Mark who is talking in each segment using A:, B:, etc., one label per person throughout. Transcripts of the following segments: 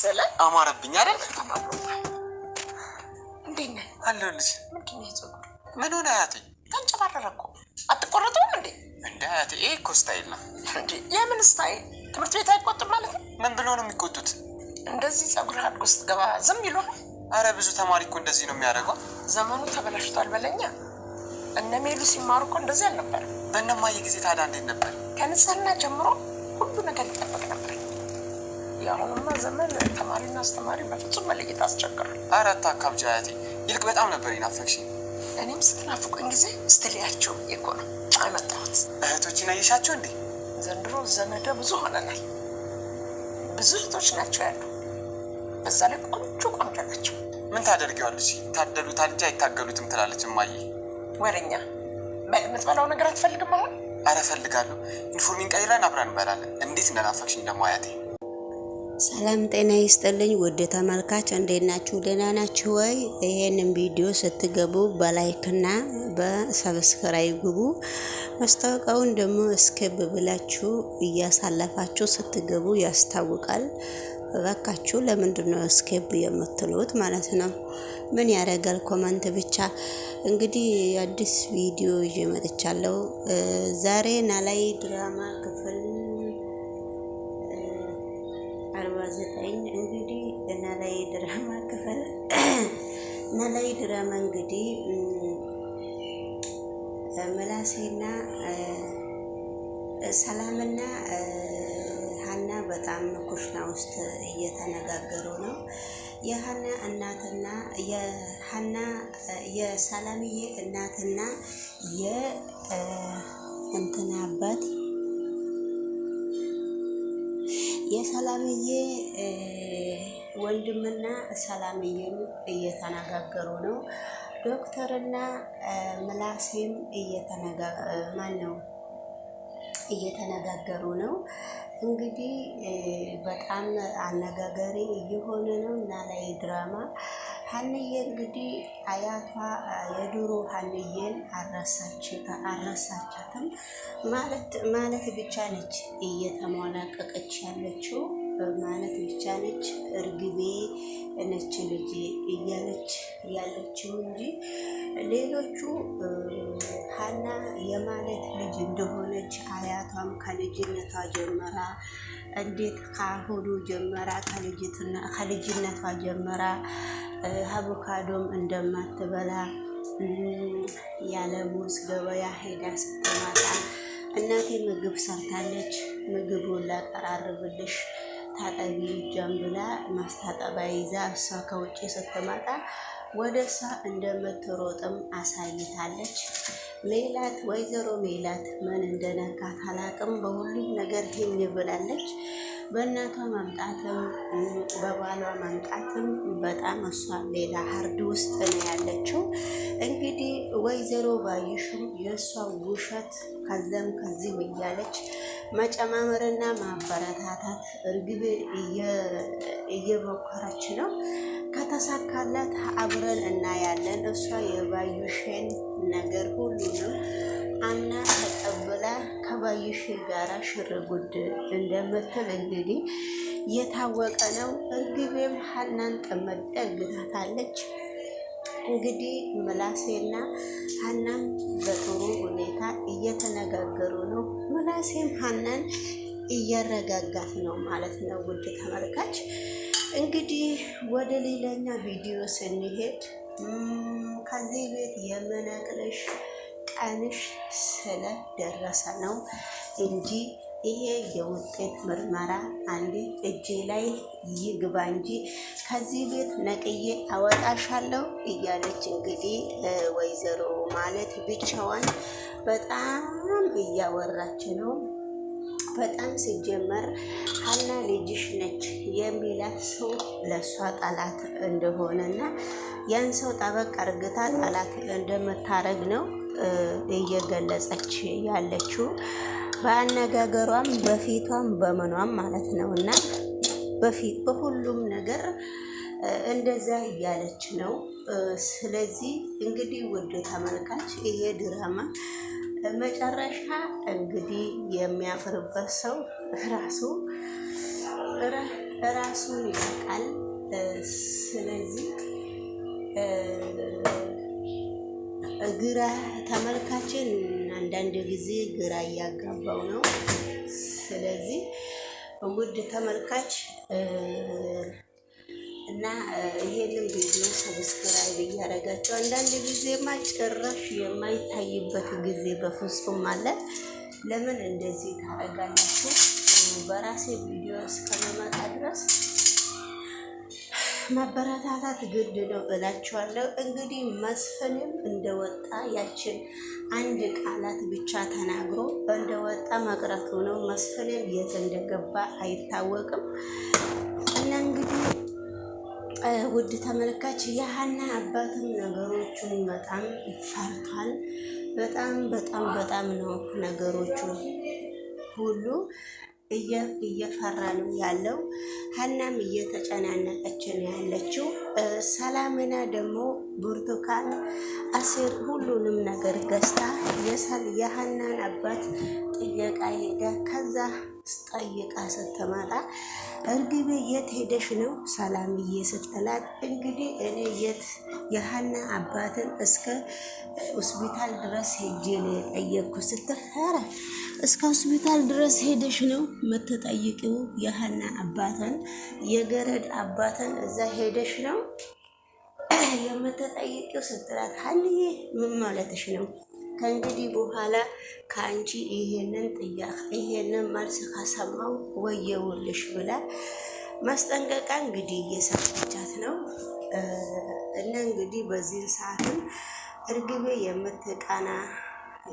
A: መሰለ
B: አማረብኝ አይደል? እንዴት ነህ? አለሁልሽ።
A: ምንድን ነው የፀጉር ምን ሆነ አያቴ? ተንጨባረረ እኮ አትቆረጠውም እንዴ?
B: እንደ አያቴ ይሄ እኮ ስታይል ነው።
A: የምን ስታይል? ትምህርት ቤት አይቆጡም ማለት ነው?
B: ምን ብሎ ነው የሚቆጡት?
A: እንደዚህ ፀጉር አድጎ ስትገባ ዝም ይሉ።
B: አረ ብዙ ተማሪ እኮ እንደዚህ ነው የሚያደርገው።
A: ዘመኑ ተበላሽቷል በለኛ። እነ ሜሉ ሲማሩ እኮ እንደዚህ አልነበረም።
B: በእነማየ ጊዜ ታዲያ እንዴት ነበር?
A: ከንጽህና ጀምሮ ሁሉ ነገር ይጠበቅ ነበር። የአሁንማ ዘመን ተማሪና አስተማሪ በፍጹም መለየት አስቸግሯል።
B: ኧረ ታካብጂ አያቴ፣ ይልቅ በጣም ነበር ይናፈቅሽ።
A: እኔም ስትናፍቁኝ ጊዜ ስትለያቸው እኮ ነው የመጣሁት።
B: እህቶችን አየሻቸው እንዴ?
A: ዘንድሮ ዘመደ ብዙ ሆነናል። ብዙ እህቶች ናቸው ያሉ፣ በዛ ላይ ቆንጆ ቆንጆ ናቸው።
B: ምን ታደርጊዋለሽ? ታደሉታ ልጅ አይታገሉትም ትላለች እማዬ።
A: ወረኛ የምትበላው ነገር አትፈልግም አሁን?
B: አረ እፈልጋለሁ። ዩኒፎርሜን ቀይረን አብረን እንበላለን። እንዴት እንደናፈቅሽኝ ደግሞ አያቴ
C: ሰላም ጤና ይስጥልኝ ውድ ተመልካች እንዴት ናችሁ? ደህና ናችሁ ወይ? ይሄንን ቪዲዮ ስትገቡ በላይክና በሰብስክራይብ ግቡ። ማስታወቂያውን ደግሞ እስክብ ብላችሁ እያሳለፋችሁ ስትገቡ ያስታውቃል። እባካችሁ ለምንድን ነው እስኬፕ የምትሉት? ማለት ነው ምን ያደርጋል? ኮመንት ብቻ። እንግዲህ አዲስ ቪዲዮ ይዤ መጥቻለሁ። ዛሬ ናላይ ድራማ ክፍል አርባ ዘጠኝ እንግዲህ ኖላዊ ድራማ ክፍል ኖላዊ ድራማ እንግዲህ ምላሴና ሰላምና ሀና በጣም ኩሽና ውስጥ እየተነጋገሩ ነው። የሀና እናትና የሀና የሰላምዬ እናትና የእንትና አባት ሰላምዬ ወንድምና ሰላምዬም እየተነጋገሩ ነው። ዶክተርና ምላሴም ማን ነው እየተነጋገሩ ነው። እንግዲህ በጣም አነጋገሪ እየሆነ ነው እና ላይ ድራማ ሀንዬ እንግዲህ አያቷ የድሮ ሀንዬን አረሳቻትም ማለት ማለት ብቻ ነች እየተሞናቀቀች ያለችው ማለት ብቻ ነች። እርግቤ ነች ልጅ እያለች ያለችው እንጂ ሌሎቹ ሀና የማለት ልጅ እንደሆነች አያቷም ከልጅነቷ ጀመራ እንዴት ከአሁኑ ጀመራ ከልጅነቷ ጀመራ አቮካዶም እንደማትበላ ያለ ሙዝ ገበያ ሄዳ ስትመጣ እናቴ ምግብ ሰርታለች ምግቡን ላቀራርብልሽ ታጠቢ እጇን ብላ ማስታጠቢያ ይዛ እሷ ከውጭ ስትመጣ ወደ እሷ እንደምትሮጥም አሳይታለች። ሜላት ወይዘሮ ሜላት ምን እንደነካት አላቅም፣ በሁሉም ነገር ሂኝ ብላለች። በእናቷ ማምጣትም በባሏ መምጣትም በጣም እሷ ሌላ ሀርድ ውስጥ ነው ያለችው። እንግዲህ ወይዘሮ ባይሹም የእሷ ውሸት ከዘም ከዚህም እያለች መጨማመርና ማበረታታት እርግብ እየሞከረች ነው። ከተሳካላት አብረን እናያለን። እሷ የባዩሽን ነገር ሁሉንም አምና ተቀብላ ከባዩሽ ጋራ ሽር ጉድ እንደምትል እንግዲህ የታወቀ ነው። እግቤም ሀናን ጥምድ ግታታለች። እንግዲህ ምላሴና ሀናም በጥሩ ሁኔታ እየተነጋገሩ ነው። ምላሴም ሀናን እያረጋጋት ነው ማለት ነው። ውድ ተመልካች እንግዲህ ወደ ሌላኛ ቪዲዮ ስንሄድ ከዚህ ቤት የምነቅልሽ ቀንሽ ስለደረሰ ነው እንጂ ይሄ የውጤት ምርመራ አንዴ እጄ ላይ ይግባ እንጂ ከዚህ ቤት ነቅዬ አወጣሻለሁ እያለች እንግዲህ ወይዘሮ ማለት ብቻዋን በጣም እያወራች ነው። በጣም ሲጀመር ሀና ልጅሽ ነች የሚላት ሰው ለእሷ ጠላት እንደሆነና ያን ሰው ጠበቅ አርግታ ጠላት እንደምታረግ ነው። እየገለጸች ያለችው በአነጋገሯም በፊቷም በምኗም ማለት ነው። እና በፊት በሁሉም ነገር እንደዛ እያለች ነው። ስለዚህ እንግዲህ ውድ ተመልካች ይሄ ድራማ መጨረሻ እንግዲህ የሚያፍርበት ሰው ራሱ ራሱን ያውቃል። ስለዚህ ግራ ተመልካችን አንዳንድ ጊዜ ግራ እያጋባው ነው። ስለዚህ ውድ ተመልካች እና ይሄንን ቪዲዮ ሰብስክራይብ እያደረጋቸው አንዳንድ ጊዜማ ጭራሽ የማይታይበት ጊዜ በፍጹም አለ። ለምን እንደዚህ ታደርጋላችሁ? በራሴ ቪዲዮ እስከመመጣ ድረስ መበረታታት ግድ ነው እላቸዋለሁ። እንግዲህ መስፍንም እንደወጣ ያችን አንድ ቃላት ብቻ ተናግሮ እንደወጣ መቅረቱ ነው። መስፍንም የት እንደገባ አይታወቅም። እና እንግዲህ ውድ ተመልካች የሀና አባትም ነገሮቹን በጣም ፈርቷል። በጣም በጣም በጣም ነው ነገሮቹ ሁሉ እየፈራ ነው ያለው። ሀናም እየተጨናነቀች ነው ያለችው። ሰላምና ደግሞ ብርቱካን አስር ሁሉንም ነገር ገዝታ የሀናን አባት ጥየቃ ሄደ ከዛ ስጠይቃ ስትመጣ እርግቤ የት ሄደሽ ነው ሰላምዬ ስትላት፣ እንግዲህ እኔ የት የሀና አባትን እስከ ሆስፒታል ድረስ ሄጄ ነው የጠየቅኩ ስትል፣ ኧረ እስከ ሆስፒታል ድረስ ሄደሽ ነው የምትጠይቂው የሀና አባትን የገረድ አባትን እዛ ሄደሽ ነው የምትጠይቂው ስትላት፣ ሀንዬ ምን ማለትሽ ነው ከእንግዲህ በኋላ ከአንቺ ይሄንን ጥያቄ ይሄንን መልስ ከሰማው ወየውልሽ ብላ ማስጠንቀቃ እንግዲህ እየሰጠቻት ነው። እና እንግዲህ በዚህ ሰዓትም እርግቤ የምትቀና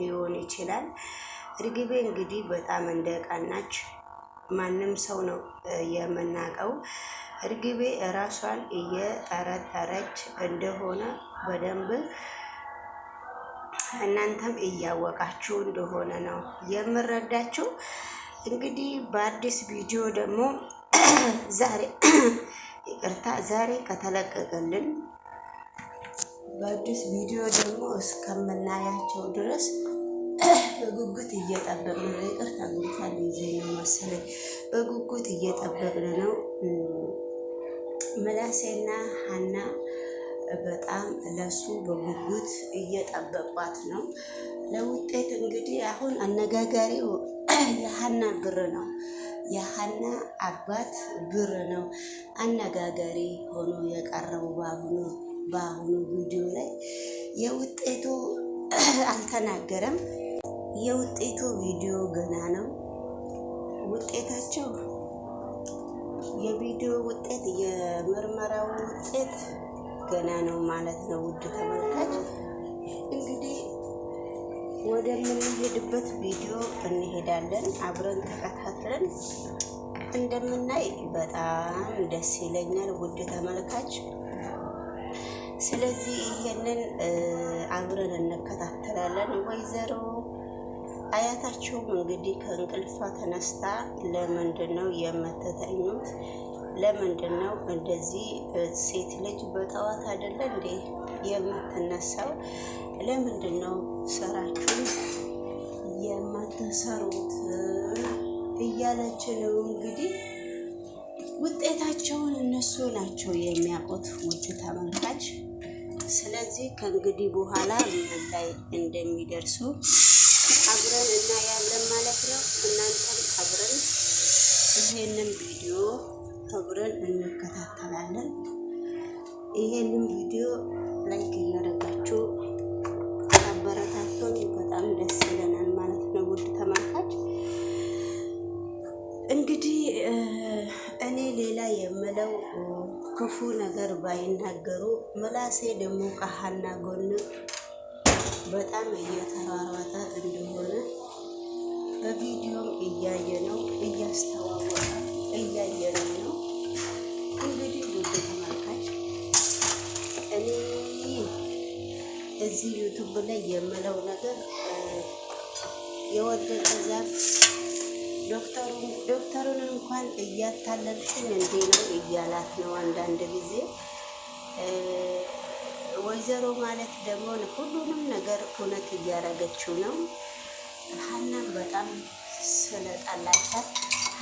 C: ሊሆን ይችላል። እርግቤ እንግዲህ በጣም እንደቀናች ማንም ሰው ነው የምናውቀው። እርግቤ ራሷን እየጠረጠረች እንደሆነ በደንብ እናንተም እያወቃችሁ እንደሆነ ነው የምረዳችሁ። እንግዲህ በአዲስ ቪዲዮ ደግሞ ዛሬ ይቅርታ፣ ዛሬ ከተለቀቀልን በአዲስ ቪዲዮ ደግሞ እስከምናያቸው ድረስ በጉጉት እየጠበቅን ነው። ይቅርታ ጉንፋን ይዘኝ ነው መሰለኝ። በጉጉት እየጠበቅን ነው። ምላሴና ሀና በጣም ለሱ በጉጉት እየጠበቋት ነው። ለውጤት እንግዲህ አሁን አነጋጋሪው የሀና ብር ነው። የሀና አባት ብር ነው አነጋጋሪ ሆኖ የቀረቡ በአሁኑ በአሁኑ ቪዲዮ ላይ የውጤቱ አልተናገረም። የውጤቱ ቪዲዮ ገና ነው። ውጤታቸው የቪዲዮ ውጤት የምርመራው ውጤት ገና ነው ማለት ነው። ውድ ተመልካች እንግዲህ ወደምንሄድበት ቪዲዮ እንሄዳለን። አብረን ተከታትለን እንደምናይ በጣም ደስ ይለኛል ውድ ተመልካች። ስለዚህ ይሄንን አብረን እንከታተላለን። ወይዘሮ አያታችሁም እንግዲህ ከእንቅልፏ ተነስታ ለምንድን ነው የምትተኙት ለምንድን ነው እንደዚህ ሴት ልጅ በጠዋት አይደለ እንዴ የምትነሳው? ለምንድን ነው ስራችሁ የማትሰሩት? እያለች ነው እንግዲህ ውጤታቸውን እነሱ ናቸው የሚያውቁት፣ ውድ ተመልካች። ስለዚህ ከእንግዲህ በኋላ ምን ላይ እንደሚደርሱ አብረን እናያለን ማለት ነው። እናንተም አብረን ይህንን ቪዲዮ ተብረን እንከታተላለን። ይሄንን ቪዲዮ ላይክ እያደረጋችሁ አበረታቶን በጣም ደስ ይለናል ማለት ነው። ውድ ተመልካች እንግዲህ እኔ ሌላ የምለው ክፉ ነገር ባይናገሩ ምላሴ ደግሞ ከሀና ጎን በጣም እየተሯሯጠ እንደሆነ በቪዲዮም እያየ ነው እያስተዋወቀ እያየ ነው። እዚህ ዩቱብ ላይ የምለው ነገር የወደቀ ዛፍ ዶክተሩን እንኳን እያታለልሽኝ እንዴ ነው እያላት ነው። አንዳንድ ጊዜ ወይዘሮ ማለት ደግሞ ሁሉንም ነገር እውነት እያደረገችው ነው። ሀና በጣም ስለጠላቻት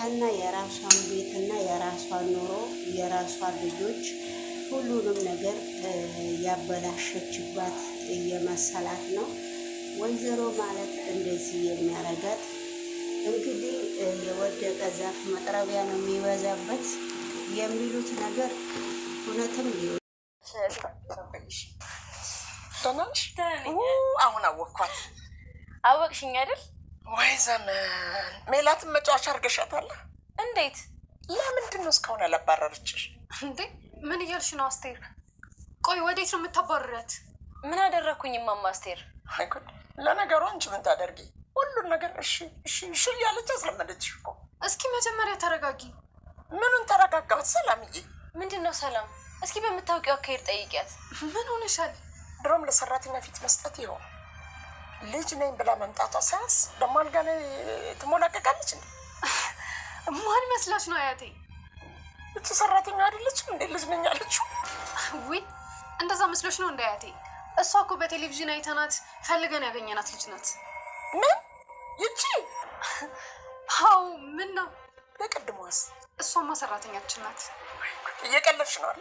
C: ሀና የራሷን ቤትና የራሷን ኑሮ የራሷን ልጆች ሁሉንም ነገር ያበላሸችባት እየመሰላት ነው። ወይዘሮ ማለት እንደዚህ የሚያረጋት እንግዲህ የወደቀ ዛፍ መጥረቢያ ነው የሚበዛበት የሚሉት ነገር እውነትም
A: አሁን አወቅኳት።
D: አወቅሽኝ አይደል?
A: ወይ ዘመን ሜላትን መጫወቻ አድርገሻታል። እንዴት? ለምንድን ነው እስካሁን ያላባረረችሽ
D: እንዴ? ምን እያልሽ ነው አስቴር? ቆይ ወዴት ነው የምታባርረት? ምን አደረግኩኝ እማማ አስቴር?
A: ለነገሩ አንቺ ምን ታደርጊ? ሁሉን ነገር እሺ እሺ እሺ እያለች አስለመደችሽ እኮ።
D: እስኪ መጀመሪያ ተረጋጊ።
A: ምኑን ተረጋጋት ሰላምዬ?
D: ምንድን ነው ሰላም? እስኪ በምታውቂው አካሄድ ጠይቂያት። ምን ሆነሻል?
A: ድሮም ለሰራተኛ ፊት መስጠት ይሆን ልጅ ነኝ ብላ መምጣቷ ሳያንስ ደሞ አልጋ ላይ ትሞላቀቃለች። እንደ
D: ማን መስላች ነው አያቴ?
A: እቺ ሰራተኛ አይደለችም እንዴ ልጅ ነኝ አለችው?
D: ውይ እንደዛ መስሎች ነው እንደ አያቴ እሷ እኮ በቴሌቪዥን አይተናት ፈልገን ያገኘናት ልጅ ናት።
A: ምን ይቺ?
D: አዎ፣ ምን ነው? በቅድሟስ? እሷማ ሰራተኛችን ናት። እየቀለድሽ ነው።